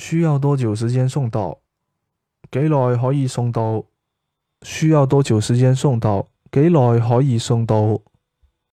需要多久時間送到？幾耐可以送到？需要多久時間送到？幾耐可以送到？